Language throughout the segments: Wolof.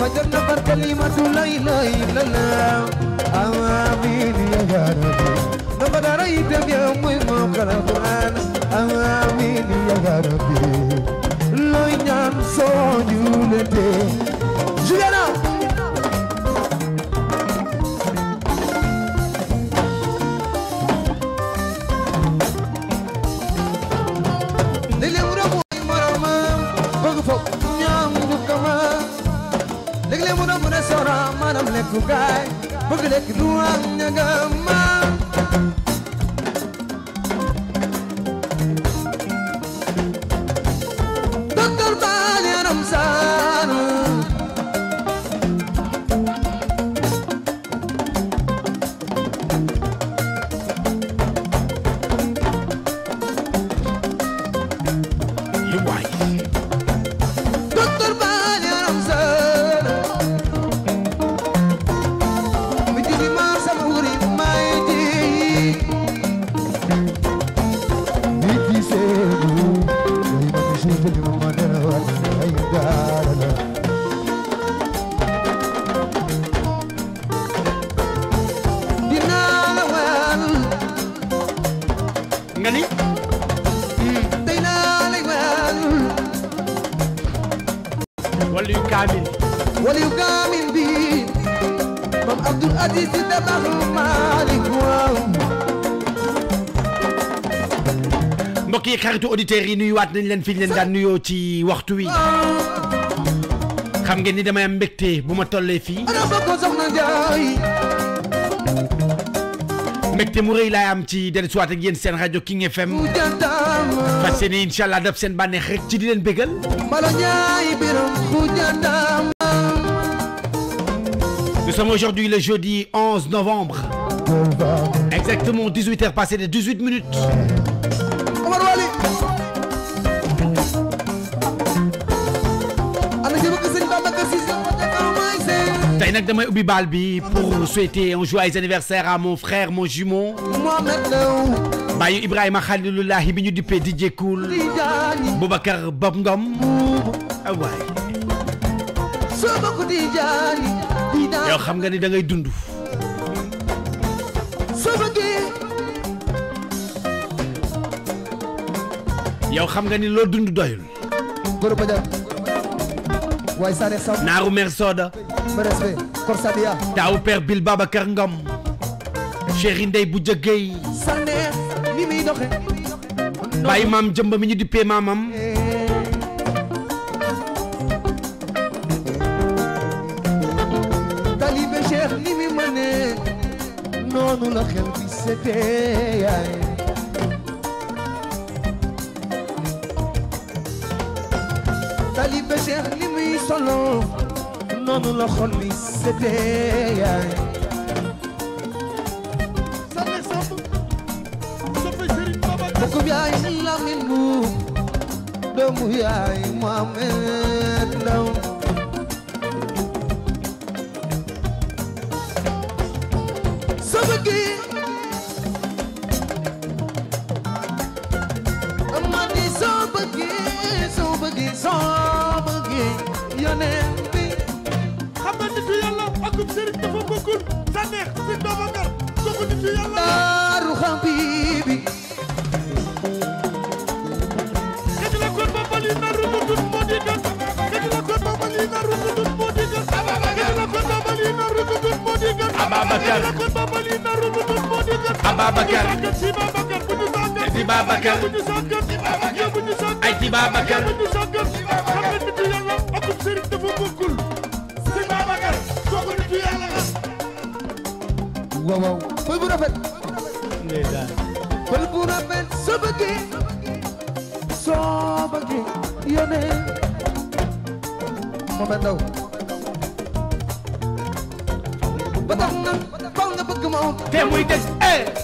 fajar na far kalimatu la ilaha illallah amin ya rabbi na badara itam ya muy moom alquran amin ya rabbi looy ñaan soo julante jugana Dile mu rabu morama bëgg fokk ñaam du kama le mu doon mën a sóora maanaam lekkukaay bëgg lekk du am ña nga maam mbokk yi xaritu auditeurs yi nuyuwaat nañ leen fi ñu leen daan nuyoo ci waxtu wi xam ngeen ni damay am mbégte bu ma tollee fii mbégte mu rëy laay am ci dellu siwaat ak yéen seen rajo King FM fas yéene incha allah daf seen bànneex rek ci di leen bégal nous sommes aujourd'hui le jeudi 11 novembre exactement 18 h passées de 18 minutes Je suis Ubi pour souhaiter un joyeux anniversaire à mon frère mon jumeau Ibrahima DJ Boubacar Bob Ngom ah, Yo, xam nga ni da ngay Yo, xam nga ni doyul way sane sam naaru mer soda bresbe korsadia taawu père bil Babacar Ngom chéri ndey bu jëggey sane ni mi doxe bàyyi maam jëmba mi ñu dippee maamam eh. talibé cheikh ni mi mëne noonu la xel bi sete tali Bachir li muy solo noonu la xol bi séddee yaay sane samp soppe Serigne Baba bokkum yaay Lamin Buub doomu yaay Mohamed Ndaw sama gi amadi soo bëggee soo bëggee soo neex bi xam nga nitu yàlla akub sëriñ dafa bokkul sa neex si doomu kër kooku nitu yàlla daaru xam bi kañ la kon babal yi naru mu dut moo di gën kañ la kon babal yi naru mu dut moo di gën kañ la kon babal yi naru mu dut moo di gën Ababacar kañ la kon babal yi naru mu dut moo di gën Ababacar si Babacar bu ñu sàggan si Babacar bu ñu sàggan ay si Babacar bu ñu sàggan waaw waaw pël bu rafet ndeysaan pël bu rafet soo bëggee soo bëggee yónnee moom ndaw ba tax na faaw nga bëgg moom te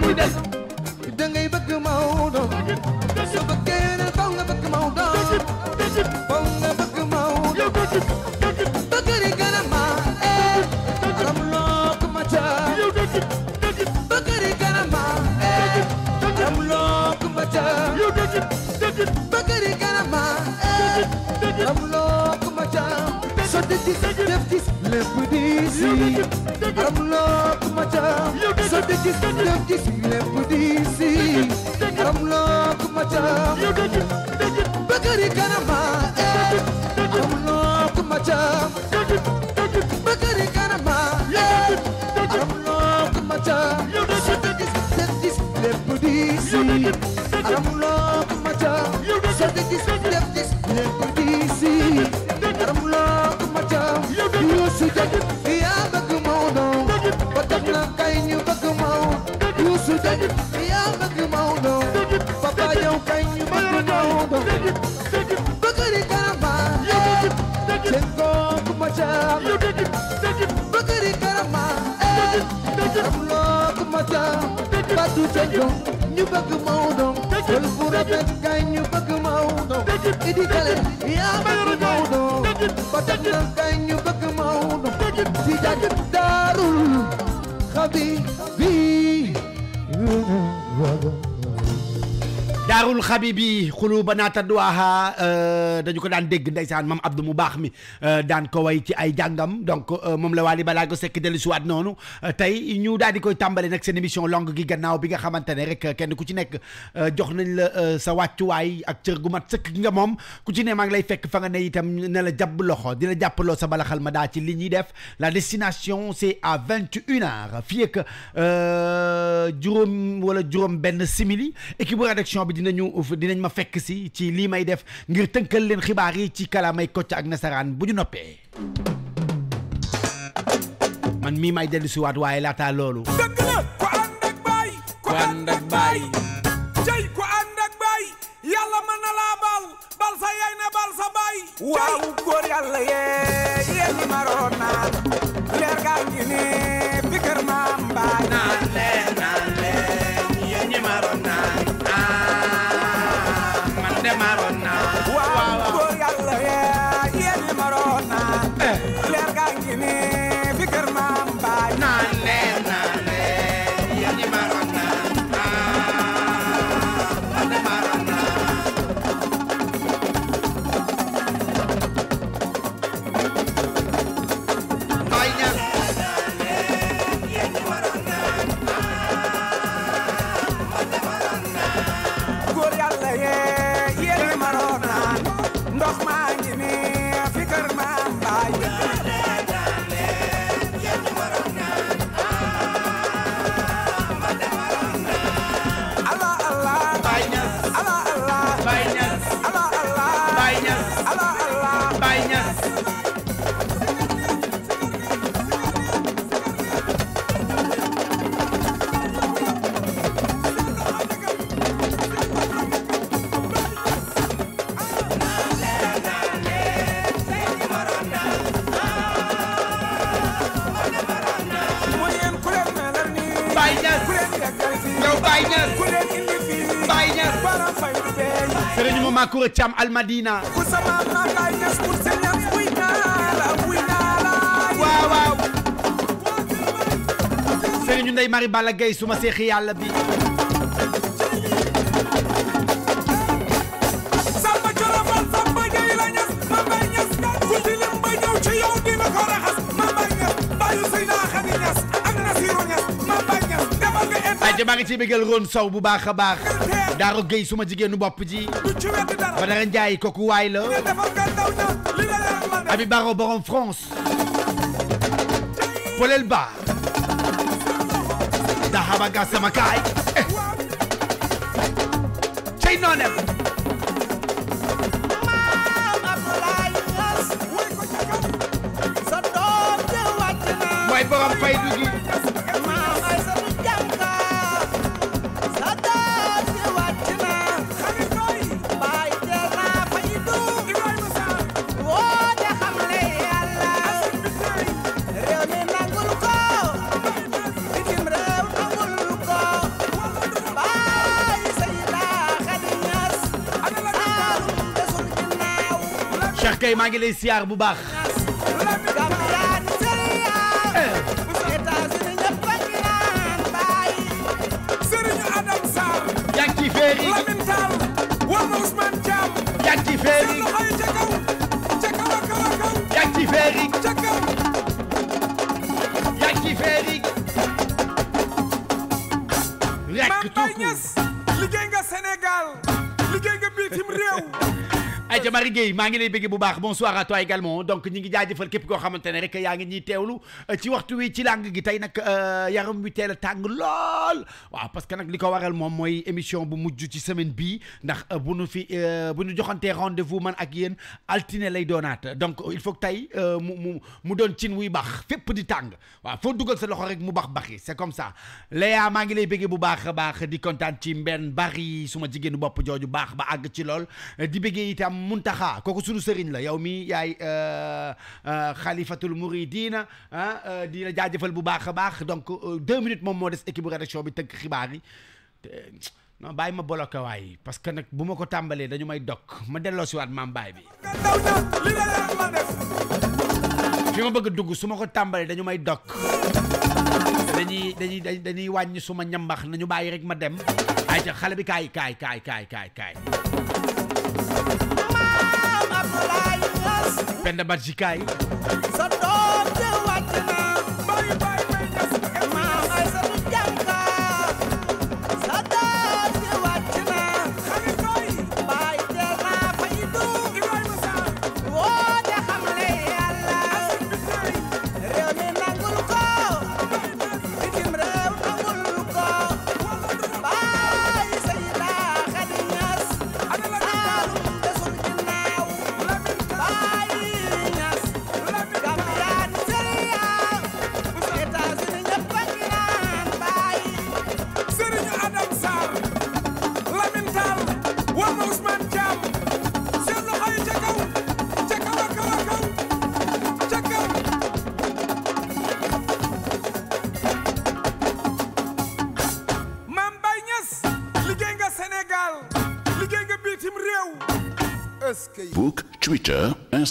muy des da ngay bëgg Maodo soo bëggee na faw nga bëgg Maodo faw nga bëgg Maodo bëgg ri gana ma eh aram loo ko ma ca bëgg ri gana ma eh aram loo ko ma ca bëgg ri gana ma eh aram loo ko ma ca sotti dis def dis lépp dis so di gis def gis lépp di si ram look ma kanama ee ram look ma ca bëkkëri kanama ee ram look ma ca so di gis def gis lépp di si Daarul Xabiib khabibi Khabibi, tadwaha euh dañu ko daan dégg ndaysan mam Abdou mu baax mi euh, daan ko way ci ay jangam donc euh, mom la Sek Ballago Seck dellusiwaat noonu euh, tay ñu daal di koy tàmbale nag seen émission longue gi gannaaw bi nga xamantene rek kenn ku ci nekk jox nañ la sa way ak cër mat sek nga mom ku ci ne lay fekk fa nga ne itam ne la loxo dina japp lo sa balaxal ma da ci li def la destination c'est à 21 h une heures fii wala juróom Ben simili équipe rédaction dinañu dinañ ma fekk si ci li may def ngir tënkal leen xibaar yi ci may kocc ak nasaran bu ñu noppee man mi may dellu si waat waaye laataa loolu dëgg la ko and ak bay ko and ak bay jey ko and ak bay yalla man na bal bal sa yaay na bal sa bay waaw gor yalla ye ye ni marona leer ga ngi ni pikir maam baay naan leen naan leen yéen ñi Bakura Thiam Almadina waaw waaw Serigne Ndeye Marie Balla Gueye suma seexi yàlla bi maa ngi ciy bégal Ron Sow bu baax a baax Daaro Gueye suma jigéenu bopp ji Badara Ndiaye kooku waay Abi Baro borom France Polel Ba Dahaba ga sama kaay eh. cey noonem mooy borom fay maa ngi lay siyaar bu baax Aïda Marie Gueye ngi lay bëgg bu baax bonsoir à toi également donc ñi ngi jaajëfal képp ko xamante rek yaa ngi ñuy teewlu euh, ci waxtu wi ci langue gi tey nag euh, yaram wi téla tang lool waaw parce que nak liko waral mom moy émission bu mujj ci semaine bi ndax euh, bu fi bu ñu joxantee rendez-vous man ak yéen altiné lay donate. donc il faut que tay mu mu mu doon cin wuy baax fépp di tang. waaw fo duggal sa loxo rek mu baax baxi c'est comme ça Léa ma ngi lay bëgg bu baax baax di kontaan ci mbenn bari suma jigéenu bop jooju baax ba ag ci lool di bëggee itam muntaxa kooku sunu sëriñ la yow mi yaay euh, euh, xalifatul muridina ah euh, di la jaajëfal bu baax a baax donc deux minutes moom moo des équipe rédaction bi tënk xibaar yi non bàyyi ma bloqué waay parce que nag bu ma ko tàmbalee dañu may dok ma delloo si waat maam baay bi fi ma bëgg a dugg su ma ko tàmbalee dañu may dok dañuy dañuy dañuy wàññi suma ñambax nañu bàyyi rek ma dem ay ca xale bi kaay kaay kaay kaay kaay kaay Penda Badjikaay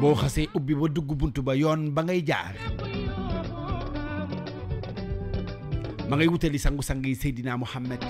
boo xasee ubbi ba dugg bunt ba yoon ba ngay jaar ma ngay wutali sangu-sang yi Seydina Muhammad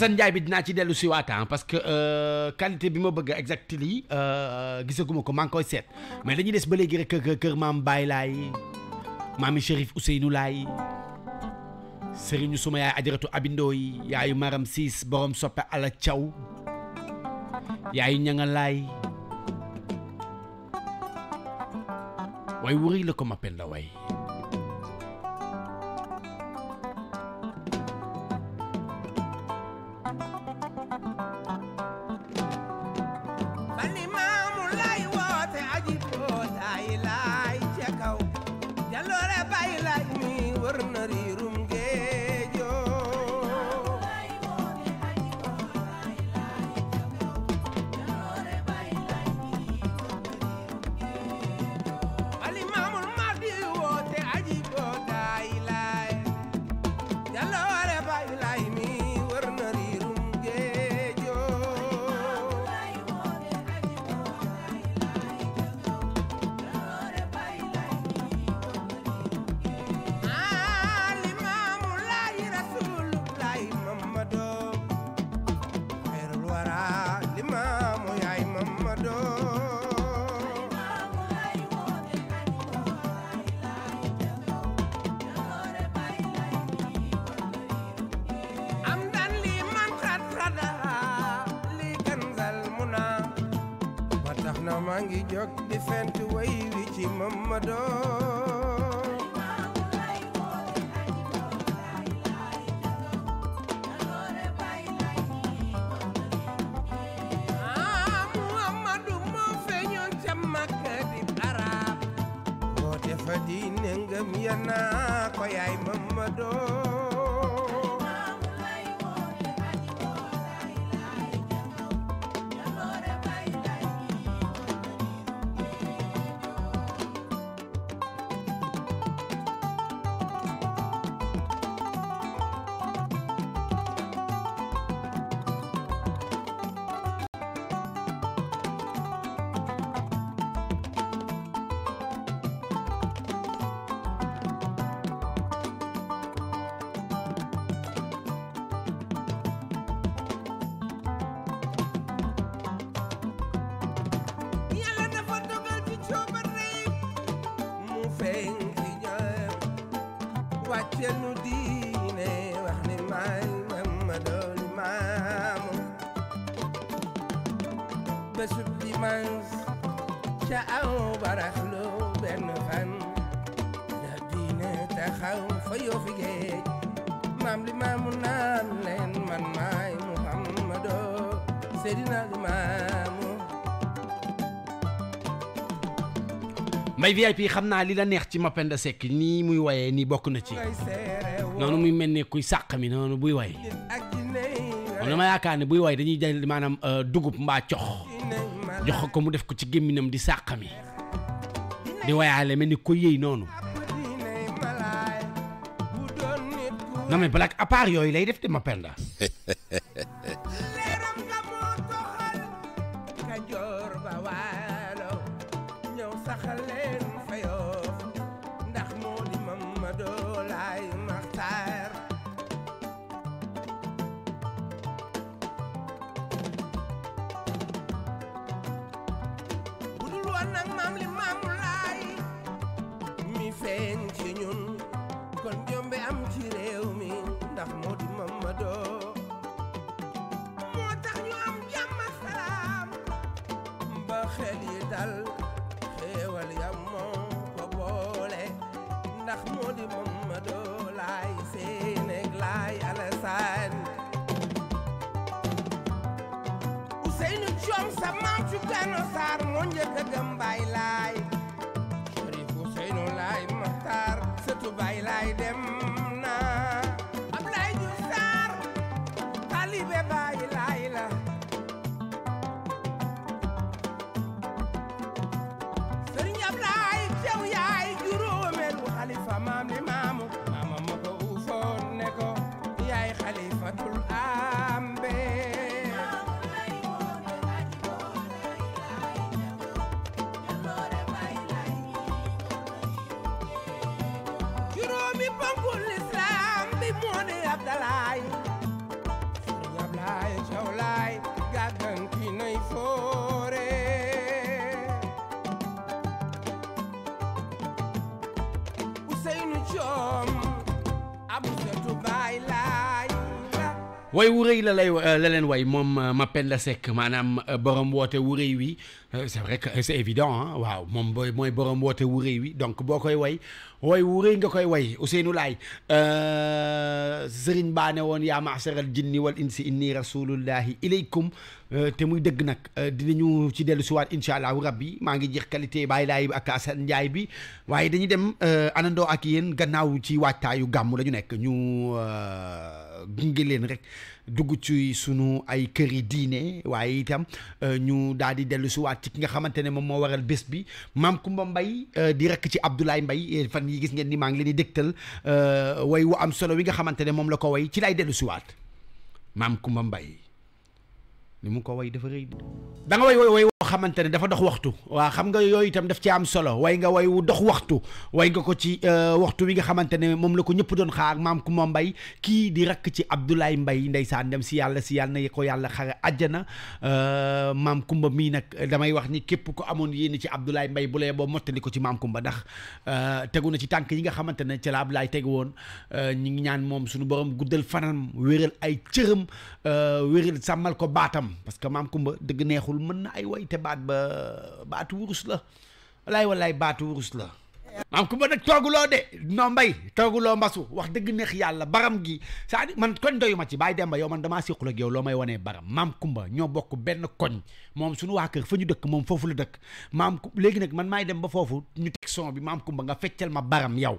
Assane Ndiaye bi dinaa ci dellu si waata ah, parce que euh, qualité bi ma bëgg exact lii euh, gisaguma ko maa ngi koy seet mais dañuy des ba léegi rek kër maam Baye laay maami Chérif Ousseynou laay sëriñu suma yaay ajaratu abindoo yi yaayu maram siis borom soppe ala caw yaayu ñanga laay waaye wuri la ko ma pen jóg di fent way wi ci Mamadou wàcceel nu diine wax ne maay Mamadou Limaamu bésub dimanche ca aw baraxlu benn fan la diine taxaw fa fi géej maam Limaamu naan leen man maay Muhammadu Seydina Limaamu mbay VIP xam naa li la neex ci Mapenda sekk nii muy wayee nii bokk na ci noonu muy mel ne kuy sàq mi noonu buy way moom dama yaakaar ne buy way dañuy jël maanaam euh, dugub mbaa cox jox ko mu def ko ci gémminam di sàq mi di wayaale mel ni ko yéy noonu non mais blague à yooyu lay def de Mapenda to buy like them way la lay euh, la leen way moom la euh, sec. maanaam euh, borom woote wu wi c'est vrai que c'est évident hein, waaw moom mooy borom donc boo way way wu rëy nga koy way Ousseynou Laay euh, sëriñ baa ne woon yaa maasaral jinni wal insi inni rasulullahi ilaykum euh, te muy dëgg nag euh, dinañu ci dellu siwaat incha allahu rabbi maa ngi jeex qualité Baye Laay bi ak Assane Ndiaye bi waaye dañuy dem anandoo ak yéen gannaaw ci waajtaayu gàmmu la ñu nekk ñu gunge leen rek dugg ci sunu ay kër yi diine waaye itam euh, ñu daal di dellu si ci ki nga xamante ne moom moo waral bés bi maam Kumba mbay euh, di rekk ci Abdoulaye mbay euh, fan yi gis ngeen ni maa ngi leen di dégtal way wu am solo wi nga xamante ne moom la ko way ci lay dellu si waat maam Kumba Mbaye ni mu ko way dafa rëy da nga way way way woo xamante ne dafa dox waxtu waa xam nga yooyu itam daf ci am solo way nga way wu dox waxtu way nga ko ci euh, waxtu wi nga xamante ne moom la ko ñëpp doon xaar maam Kumba Mbay kii di rakk ci Abdoulaye Mbay ndeysaan dem si yàlla si yàlla na ko yàlla xare àjjana euh, maam Kumba mii nag damay wax ni képp ko amoon yéen ci Abdoulaye Mbay bu lee boo mottali ko ci maam Kumba ndax euh, tegu na ci tànk yi nga xamante ne ci la Abdoulaye tegu woon ñu ngi ñaan moom suñu borom guddal fanaan wéral ay cëram wéral sàmmal ko baatam parce que maam Kumba dëgg neexul mën na ay way te baat ba baatu wurus la walaay walaay baatu wurus la maam Kumba nag tooguloo de non mbay tooguloo mbasu wax dëgg neex yàlla baram gi cest à man koñ doyu ma ci bàyyi dem ba yow man damaa siqul ak yow loo may wanee baram maam Kumba ñoo bokk benn koñ moom suñu waa kër fa ñu dëkk moom foofu la dëkk maam léegi nag man maay dem ba foofu ñu teg son bi maam Kumba nga feccal ma baram yow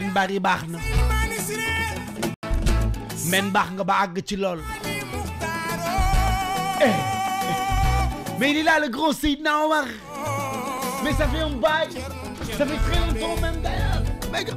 men bari eh, eh. mais il a le gros site mais ça fait un bail ça fait très longtemps même d'ailleurs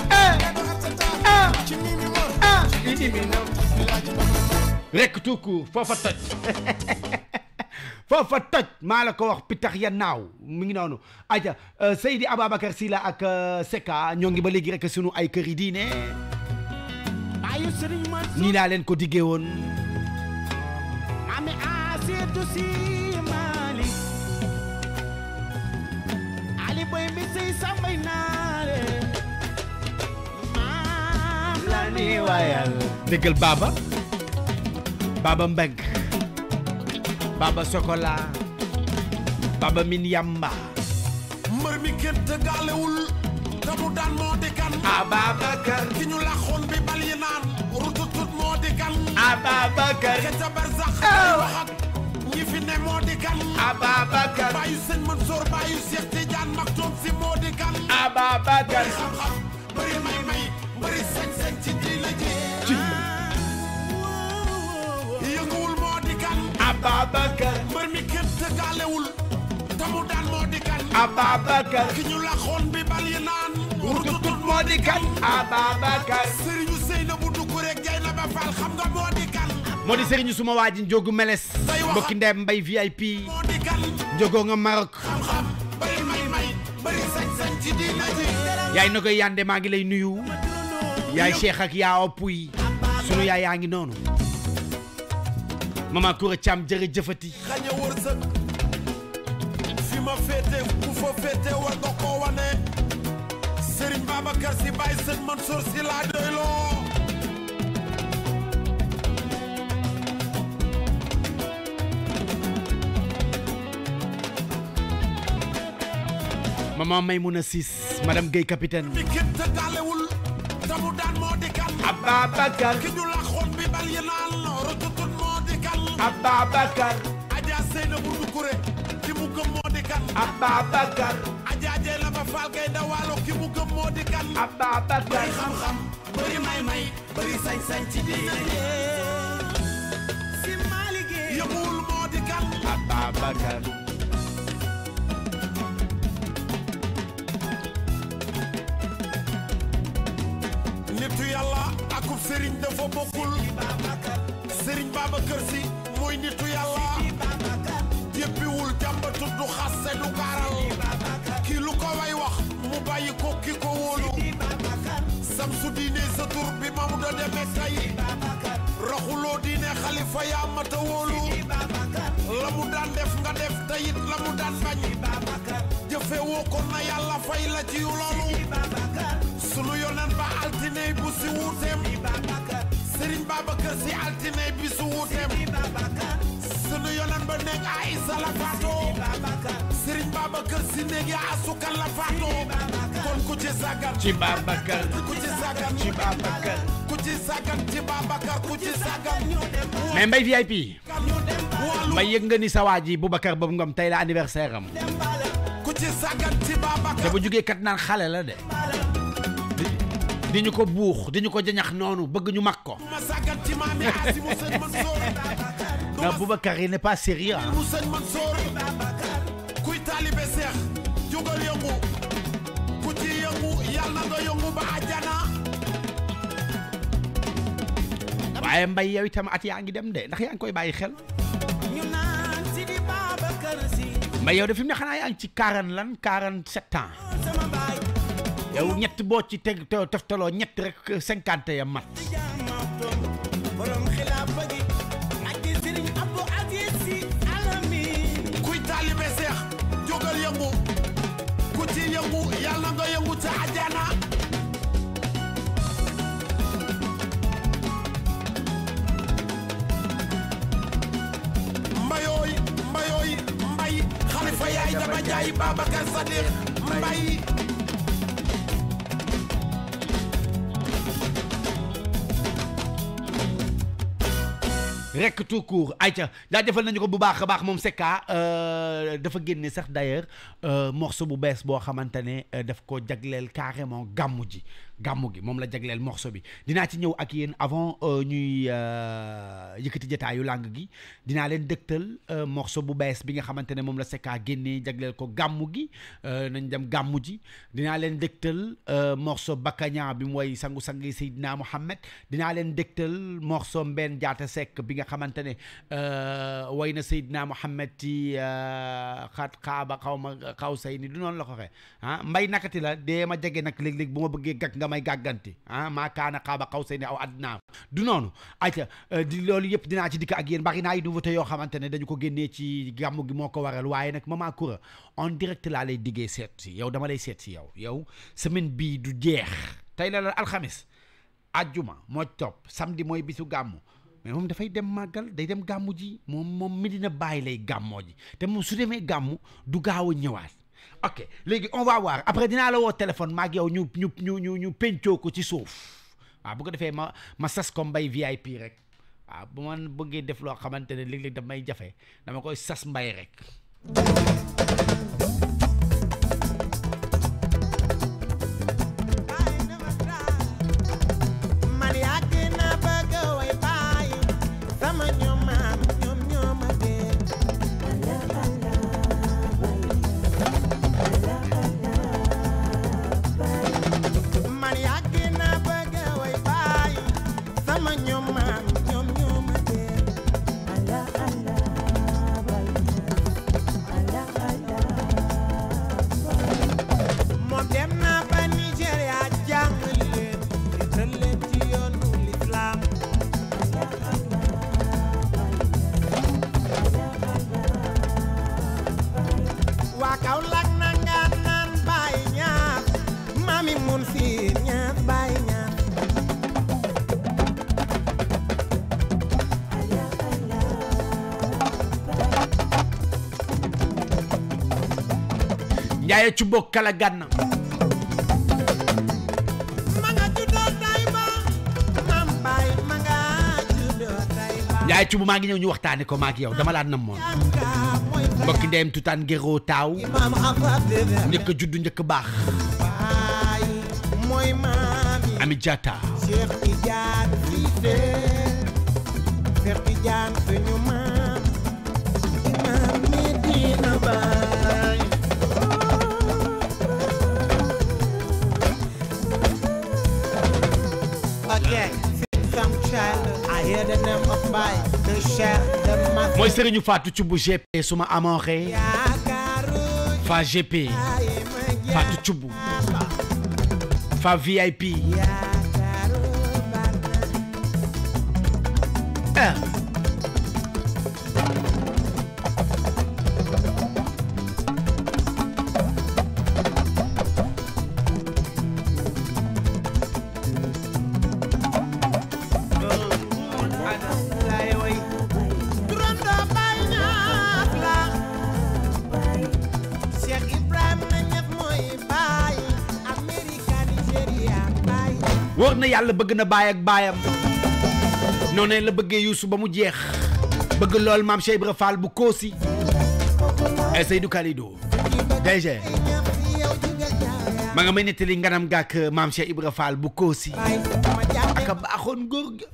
Ah. rek tout court foofa toj foofa toj maa la ko wax pitax ya naw mi ngi nonu aja eh, seydi ababakar sila ak eh, seka ñongi ba legi rek sunu ay keur yi diine ni la len ko digewon si ni wayal déggal baba baba mbeng baba sokola baba min yamba mbër mi kenn tëggaalewul te mu daan moo di kan Ababacar ki ñu laxoon bi bal yi naan rututut moo di kan Ababacar ke ca barsax wax ak ñi fi ne moo di kan Ababacar bàyyu sëñ Mansour bàyyu Cheikh Tidiane Maktoum si moo di kan Ababacar baba xam xam-xam bëri may may bëri sañ ci diina ji yënguwul moo di kan Ababacar mbër mi képp te daan moo di ki ñu la xoon bi bal yi naan wurtutut moo di kan Ababacar sëriñu sëy na bu dugg rek jay na ba fal xam nga moo di kan moo di sëriñu suma waa ji njogu meles mbokki ndeem mbay VIP njogoo nga Maroc yaay na yande maa ngi lay nuyu yaay Cheikh yaa Pouy sunu yaay yaa ngi noonu mama Koura Thiam jërëjëfati xaña wërsëg fi ma féete ku fa féete war nga koo wane Serigne Babacar Sy Baye Sëñ Mansour Sy laa doyloo mu daan moo di kan Ababacar ki ñu laxoon bi bal yi naan rotutun moo moo di kan Ababacar Adja Jeyna ba Faal Gay Ndawaalo ki mu gëm moo di kan Ababacar bëri xam-xam bëri may-may bëri sañ-sañ ci diine si maa liggéey yëmul moo di kan Ababacar sëriñ dafa bokkul sëriñ Babacar Si muy nitu yàlla jéppiwul jàmbatu du xasse du gaaral ki ko way mu bàyyi ko ko wóolu samsu diine sa tur bi Mamadou a deme tay raxuloo diine xalifa yaa mata wóolu la mu daan def nga def tayit la mu daan bañ jëfe woo ko na yàlla fay la ci yu altine bu si si altine bi si wuuteem sunu yonan ba nekk Aïssa la faatoo Serigne Babacar si nekk ya asukal la kon ku ci ci Babacar ku ci sagan ci Babacar ku ci sagan ci Babacar ku ci sagan mais Mbaye VIP ma yëg nga ni sa waa ji Boubacar boobu ngoom tey la anniversaire am te bu jugee kat naan xale di ñu ko buux di ñu ko jañax noonu bëgg ñu mag ko ndax Boubacar il n'est pas sérieux kuy taalibe seex jugal yëngu ku ci yëngu na nga yëngu ba waaye mbay yow itam yaa ngi dem de ndax yaa ngi koy bàyyi xel mbay yow de fi mu ne xanaa yaa ngi ci quarante lan quarante sept ans yow ñett boo ci teg toftaloo ñett rek cinquante ya mat kuy taalibe seex jógal yëngu ku ci yëngu yàlla nga yëngu ci àjjana mbayooy mbayooy mbay xalifa dama jaay Babacar Sadiq mbay rek tout court aïcha da defal nañu ko bu baax euh dafa guenné sax d'ailleurs euh, morceau bu euh, daf ko carrément gàmmu gi moom la jagleel morceau bi dinaa ci ñëw ak yéen avant euh, ñuy euh, yëkkati jataayu lang gi dinaa leen dëgtal euh, morceau bu bees bi nga xamante ne moom la Secka génnee jagleel ko gàmmu gi nañ dem gàmmu ji dinaa leen dëgtal morceau Bakaña bi mu woy sangu-sang yi Seydina Mohamed dinaa leen dëgtal morceau Mbène jaata Seck bi nga xamante ne woy na Seydina Mohamed ci xaat xaaba du noonu la ko ah, mbay nakati la dee ma jege nag léeg-léeg bu ma bëggee gàk nga samay gàgganti ah maa kaana xaaba xaw seen aw adnaa du noonu ayca euh, di loolu yëpp dinaa ci dikk ak yéen bari naa ay nouveauté yoo xamante ne dañu ko génnee ci gàmmu gi moo ko waral waaye nag Mama Coura en direct laa lay diggee seet si yow dama lay seet si yow yow semaine bii du jeex tey la la alxamis ajjuma moo topp samedi mooy bisu gàmmu mais moom dafay dem màggal day dem gàmmu ji moom moom Medina bàyyi lay gàmmoo ji te moom su demee gàmmu du gaaw a ñëwaat ok on va voir après dina, la téléphone ma yow ñu ñu ñu ñu ko ci souf. bu ko ma ma sas VIP rek bu man bëggé def lo xamantene damay dama koy sas mbay rek yaaya cu kala gànna yaay ci bu maa ngi ñëw ñu waxtaane ko maak yow dama laa namoon mbokki ndeyam tutaan ngéroo taaw njëkk a juddu njëkk baax ami jaata Cheikh Tidiane mooy sëriñu Fatou Thioub GP suma amoore fa GP Fatou Thioub fa VIP eh. Sall bëgg na baay ak baayam noonu la bëgg Youssou ba mu jeex bëgg lool maam Cheikh Ibra Fall bu koosi et eh, Seydou Kalidou DG ma nga may nettali nganam gàkk maam Cheikh Ibra Fall bu koosi ak a baaxoon góor gi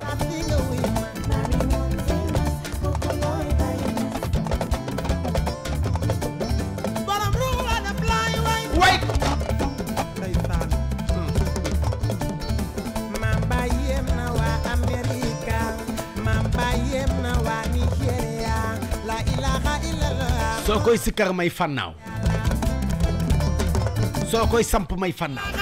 soo koy sikkar may fannaaw soo koy samp may fannaaw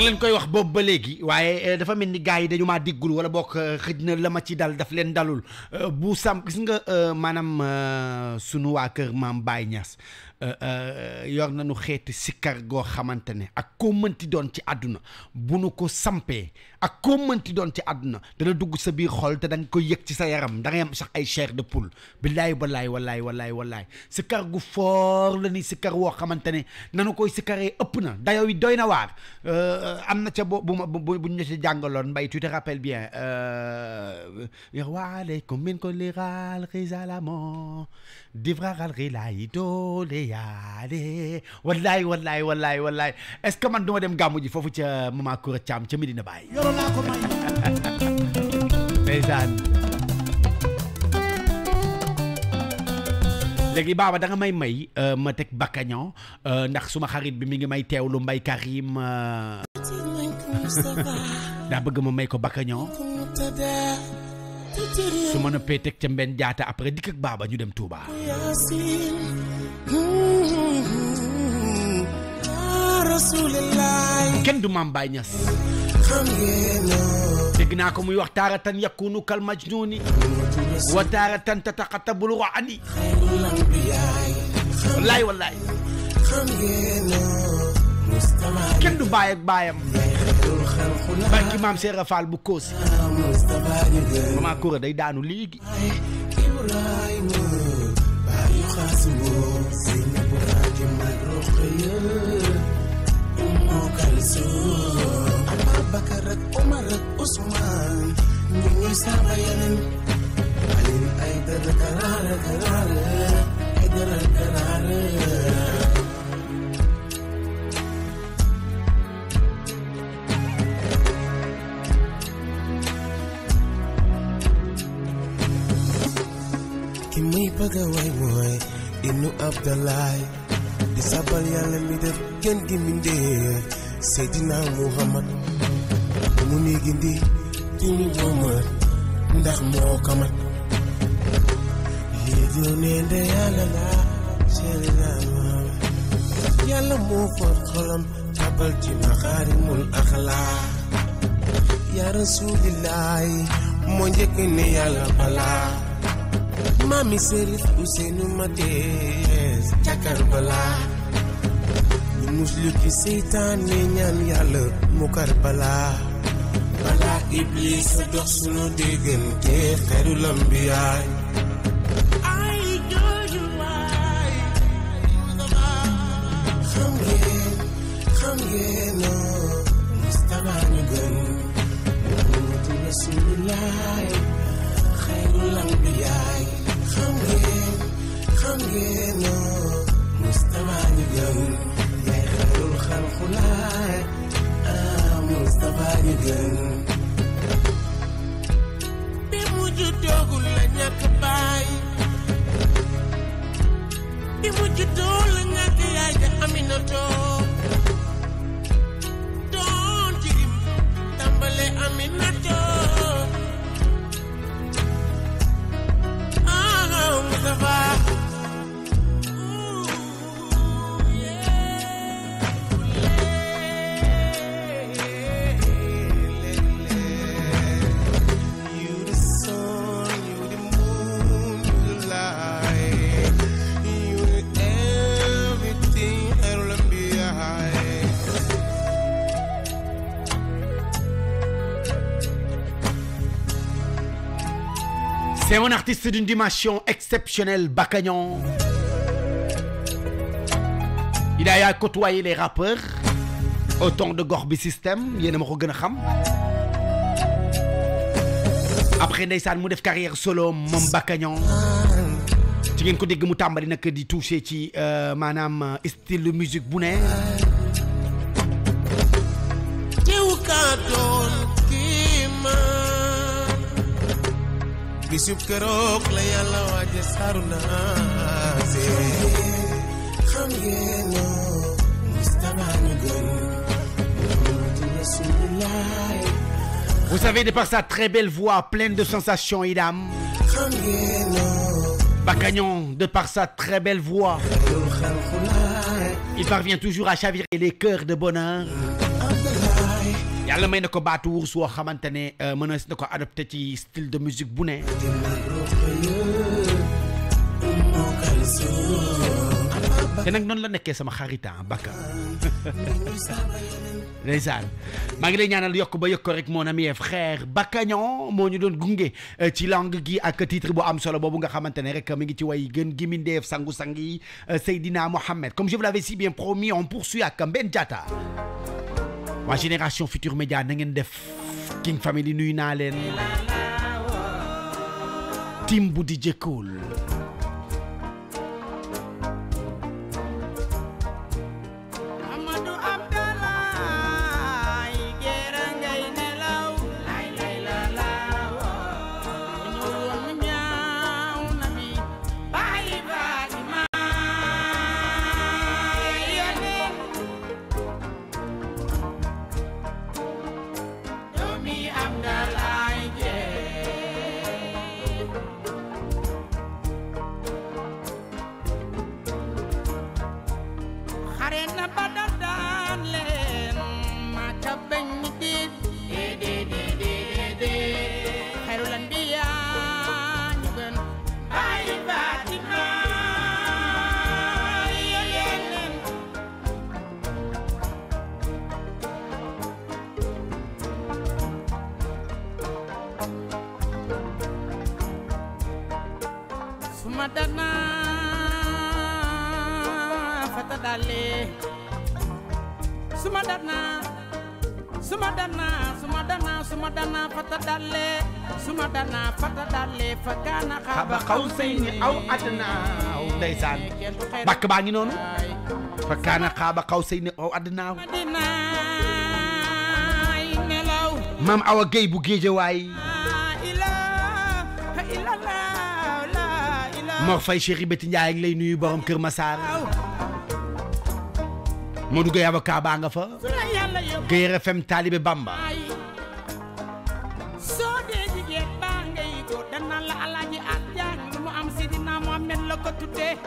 ngi leen koy wax boobu ba léegi waaye euh, dafa mel ni gars yi dañu maa diggul wala bokk euh, xëj na la ma ci dal daf leen dalul euh, bu sam gis nga maanaam sunu waa kër maam Baye Niass yor nañu xeeti sikkar goo xamante ne ak koo mënti doon ci àdduna bu nu ko sampee ak koo mënti doon ci àdduna dana dugg sa biir xol te da koy yëg ci sa yaram da ngay am sax ay chair de poule billaay wallaay wallaay wallaay wallaay sikkar gu foor la ni sikkar woo xamante ne nanu koy sikkaree ëpp na amna na ca bu bu bu bu ñu ci jàngaloon mbay tu te rappelles bien euh ya wa alaykum min yerwaale combien ko liral risalamo divraral rilay ya yaale wallahi wallahi wallahi wallahi est-ce que man duma dem gamu ji fofu ca mama Koura Thiam ca Medina Baye. yoro laa ko may ndeysaan léegi baaba da nga may may euh, ma teg bakkañon euh, ndax suma xarit bi mi ngi may teew lu mbay Karim euh, daa bëgg ma may ko bakkañon su ma noppee teg ca mbenn jaata après dikk ak baaba ñu dem Touba. kenn du maam Baay Ñas دقنا كم يختار تن يكون كل مجنوني وتارة تتقطب الغاني والله والله كن بايك بايم باكي مام سير فال بوكوس ماما كورة داي دانو ليغي كيبرايمو بايو خاسمو زينبو راجي مايكرو خيال kalsu Abubakar ak Umar Usman ñu ngi sama yeneen Alin ay dara karaare karaare ay dara karaare ki muy bëgg a way di sabal yàlla mi def kenn gi mi Seydina Muhammad mu nuy gindi ci ñu jëmër ndax moo ko lii du nende yàlla laa Seydina Muhammad yàlla moo for xolam tabal ci maxaarimul axlaa yaa rasuulillaahi moo njëkk ne yàlla balaa maami Serif Ousseynou Maté càkkar balaa muslu ci seytaan ne ñaan yàlla mu kar balaa iblis dox sunu déggante xeru lambiyaay Armageddon. artiste d'une dimension exceptionnelle, Bacagnon. Il a côtoyé les rappeurs autant de Gorbi System, il a après a mu carrière solo mon Bacagnon. Il a ko euh, euh, style musique Vous savez, de par sa très belle voix, pleine de sensations, et d'âme. Bacagnon, de par sa très belle voix, il parvient toujours à chavirer les cœurs de bonheur yalla may na ko baatu wurus woo xamante ne euh, mënees na ci style de musique bu ne te nag noonu la nekkee sama xaritan ah, bakka ndeysaan maa ngi lay ñaanal yokk ba yokk rek mon ami et frère Bacagnon mo ñu doon gungé euh, ci langue gi ak titre bu am solo bobu nga xamante rek mi ngi ci way gën gi def sangu sangi euh, Seydina Mohamed comme je vous l'avais si bien promis on poursuit ak Mben Diatta waa génération Futur Média na ngeen def King Family nuyu naa leen team bu di jëkkool dana fata dalle suma dana suma dana suma dana suma dana fata dalle suma dana fata dalle fa kaana xaaba xawsayni aw adna aw ndeysaan bàkk baa ngi noonu fa kaana xaaba xawsayni aw adna aw maam awa géy bu géejawaay Mor Faye Chéri Béti Ndiaye lay nuyu borom Kër Massar Modou Gueye avocat baa nga fa Gueye FM Talibé Bamba soo dee jigéen baa ngay góor danaan la alaaji ak jaan lu mu am sidina Mohamed la ko tuddee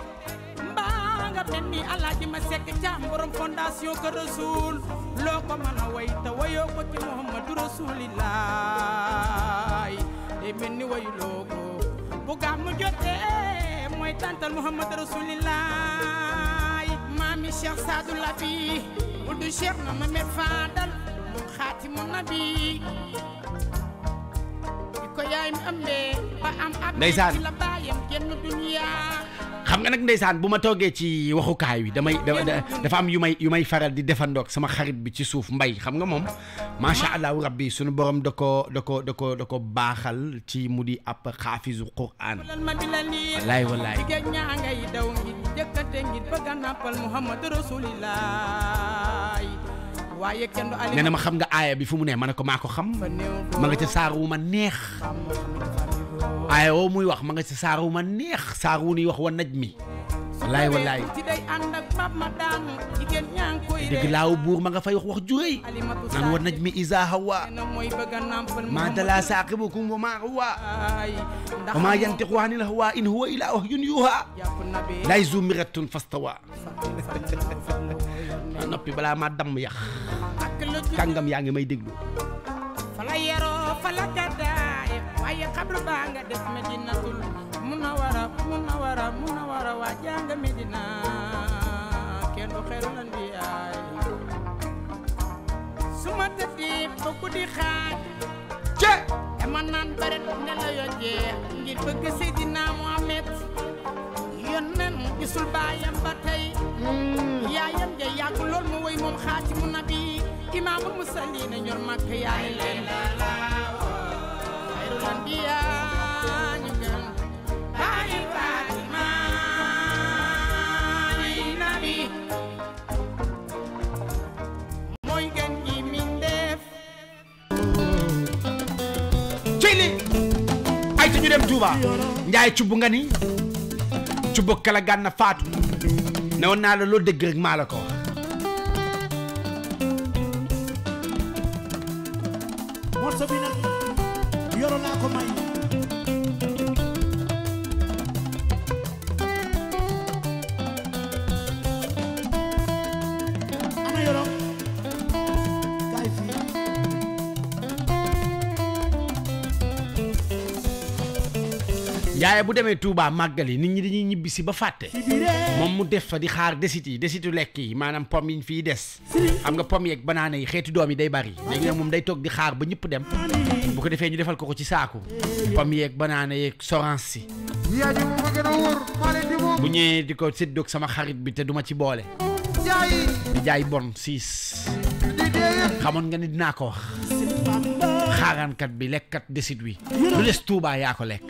mbaa nga mel ni alaaji ma sekk jaam borom fondation ko Rasoul loo ko mën a way te wayoo ko ci Muhammadu Rasulilaay te mel wayu loo ko bu gàmmu jotee mooy tantal muhammad rasulillah maami cheikh saadu labi buddu cheikh na ma met faadal moom xaatimu nabi di ko yaay mi ëmbee ba am ab ndeysaan la baayam génn duniyaa xam nga nag ndeysaan bu ma toogee ci waxukaay wi damay dafa am yu may yu may faral di defandoog sama xarit bi ci suuf mbay xam nga moom macha allahu rabbi sunu borom da ko da ko da ko da ko baaxal ci mu di ab xaafisu quran wallaay wallaay nee na ma xam nga aaya bi fu mu ne ma ne ko maa ko xam ma nga ca saar wu ma neex aaya woo muy wax ma nga ci saar wu ma neex saar wu wa naj mi wallaay wallaay dëgg laaw buur ma nga fay wax wax juréy naan wa naj mi isa hawa ma dala saaqibukum wa ma huwa wa ma yantiqu ani l hawa in huwa ila wahyun yuha lay zumiratun fastawa ma noppi balaa ma damm yax kàngam yaa ngi may déglu waaye xablu baa nga def medinatul ma tëddee ba guddi xaaj ce dama hmm. mu woy moom xaatimu nabi imaamul musalliina Touba Ndiaye cubb nga ni cubb kala gànna faatu ne woon naa la loo dégg rek maa la ko wax morso bi nag waaye bu demee Touba magali nit ñi dañuy ñibbi ba faté mom mu def fa di xaar desiti desitu lekk yi manam pom yi fi des xam nga pom ak banana yi xeeti doom yi day bari léegi nag mom day tok di xaar ba ñepp dem bu ko defee ñu defal ko ko ci saaku pom yeeg sorance si bu ñëwee di ko sama xarit bi té duma ci bolé di jaay bon siis xamone nga ni dinaa ko wax kat bi lekkat desit wi lu Touba ya ko lekk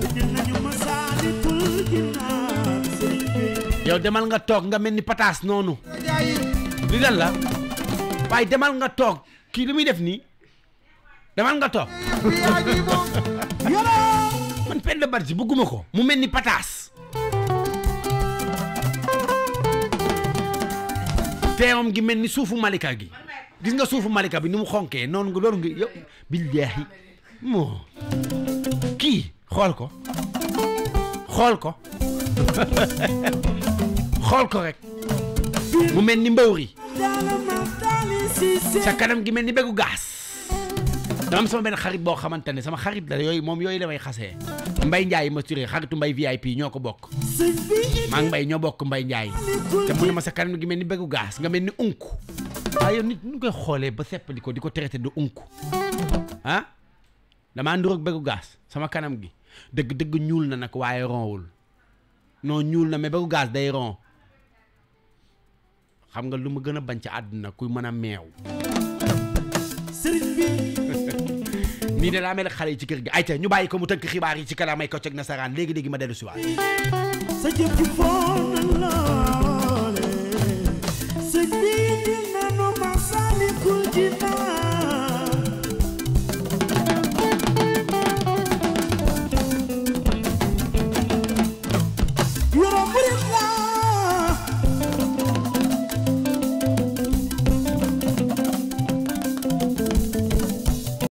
yow demal nga tok nga melni ni pataas li dal la bay demal nga tok ki limi def ni demal nga tok man Penda Badji buguma ko mu melni ni teewam gi melni soufu Malika gi gis nga soufu Malika bi ni xonke non nga lor nga yow billaahi moo kii xol ko xool ko xool ko rek mu melni mbawri sa kanam gi melni begu gas dama sama ben xarit bo xamantene sama xarit la yoy mom yoy lamay xasse mbay ndjay ma turé xaritu mbay vip ñoko bok. ma ngi mbay ñoo bok mbay ndjay te mu ne ma sa kanam gi melni begu gas nga melni unku nit ñu koy xolé ba sepp di traité de unk dama ah? damaa ak begu gas. sama kanam gi deug nyulna ñuul na nak waye ronwul non ñuul na mais begu gas day ron xam nga lu ma gën a bañ ci àdduna kuy mën a meew. sëriñ bi. nii de laa mel xale yi ci kër gi ayca ñu bàyyi ko mu tënk xibaar yi ci kalaamay ko ceg nasaraan léegi léegi ma dellu si waat.